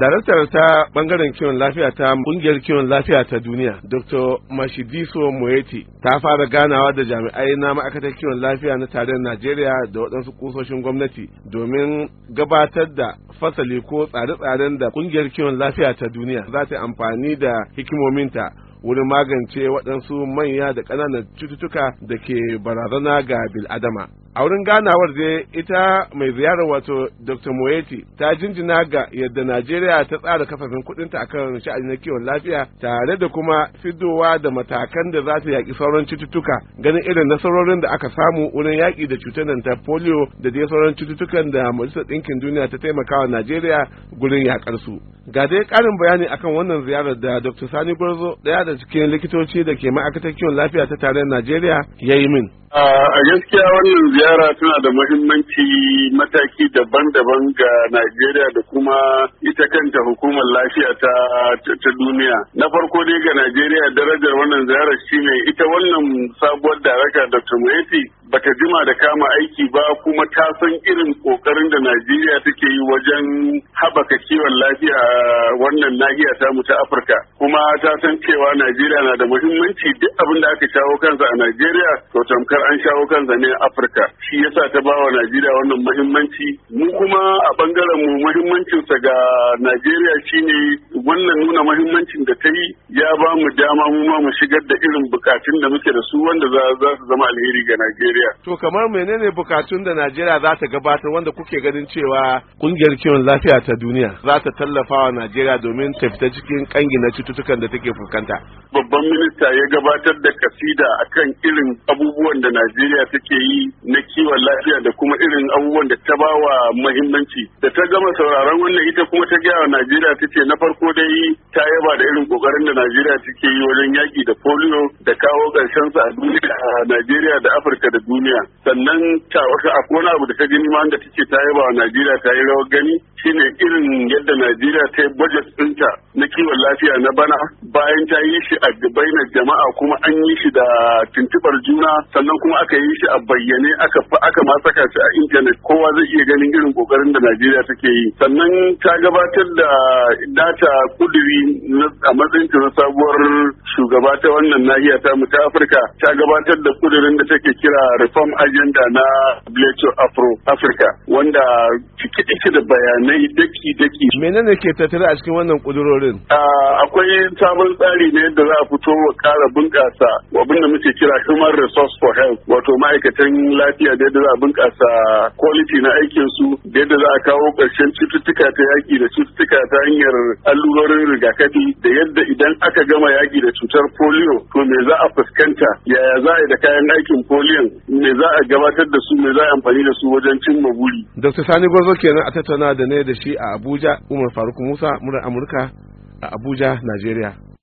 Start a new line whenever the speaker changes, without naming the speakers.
Daraktar ta bangaren kiwon lafiya ta kungiyar kiwon lafiya ta duniya, Dr. Mashidiso Moeti, ta fara ganawa da jami'ai na ma'aikatar kiwon lafiya na tarayyar Najeriya da waɗansu kusoshin gwamnati domin gabatar da fasali ko tsare-tsaren da kungiyar kiwon lafiya ta duniya za ta amfani da hikimominta wurin magance waɗansu manya da ƙananan cututtuka da ke barazana ga bil'adama. a wurin ganawar dai ita mai ziyarar wato dr moeti ta jinjina ga yadda najeriya ta tsara kudin ta akan sha'ani na kiwon lafiya tare da kuma fidowa da matakan da za ta yaƙi sauran cututtuka ganin irin nasarorin da aka samu wurin yaƙi da cutar nan ta polio da dai sauran cututtukan da majalisar ɗinkin duniya ta taimakawa najeriya gurin yaƙar su ga dai karin bayani akan wannan ziyarar da dr sani gwarzo ɗaya da cikin likitoci da ke ma'aikatar kiwon lafiya ta tarayyar najeriya ya yi min
a gaskiya wannan ziyara tana da muhimmanci mataki daban-daban ga najeriya da kuma ita kanta hukumar lafiya ta duniya na farko dai ga najeriya darajar wannan ziyarar shine ita wannan sabuwar daraka dr mueti bata jima da kama aiki ba kuma ta san irin kokarin da Najeriya take yi wajen haɓaka kiwon lafiya wannan nahiya ta mu ta Afirka kuma ta san cewa Najeriya na da muhimmanci duk abin da aka shawo kansa a Najeriya to tamkar an shawo kansa ne a Afirka shi yasa ta bawa Najeriya wannan muhimmanci mu kuma a bangaren mu muhimmancin ga Najeriya shine wannan nuna mahimmancin da ta yi ya ba mu dama mu ma mu shigar da
irin bukatun da muke da su wanda za su zama alheri ga Najeriya. To kamar menene bukatun da Najeriya za ta gabatar wanda kuke ganin cewa kungiyar kiwon lafiya ta duniya za ta tallafa wa Najeriya domin ta fita cikin kangi na cututtukan da take fuskanta. Babban minista ya
gabatar da kasida akan irin abubuwan da Najeriya take yi na kiwon lafiya da kuma irin abubuwan da ta ba wa muhimmanci. Da ta gama sauraron wannan ita kuma ta gaya wa Najeriya tace na farko dai ta yaba da irin kokarin da Najeriya take yi wajen yaki da polio da kawo ƙarshen sa a duniya a Najeriya da Afirka da duniya. Sannan ta wata kona abu da ta gani ma da take ta yaba Najeriya ta yi rawar gani shine irin yadda Najeriya ta yi budget ɗinta na lafiya na bana bayan ta yi shi a bainar jama'a kuma an yi shi da tuntubar juna sannan kuma aka yi shi a bayyane aka aka ma saka shi a intanet kowa zai iya ganin irin kokarin da Najeriya take yi sannan ta gabatar da data kuduri a matsayin ta sabuwar shugaba ta wannan nahiya ta mu ta Afirka ta gabatar da kudurin da take kira reform agenda na WHO Afro Africa wanda cike da bayanai daki daki
menene ke tattare a cikin wannan kudurorin
a ah, akwai sabon tsari ne yadda za a fito wa kara bunƙasa abin da muke kira human resource for health wato ma'aikatan lafiya da yadda za a bunƙasa quality na aikin su da yadda za a kawo ƙarshen cututtuka ta yaƙi da cututtuka ta hanyar allurorin rigakafi da yadda idan aka gama yaƙi da cutar polio to me za a fuskanta yaya za a yi da kayan aikin polio me za a gabatar da su me za a amfani da su wajen cimma buri.
Dr. Sani ke kenan a tattauna da ne da shi a Abuja Umar Faruk Musa murar Amurka a abuja najeriya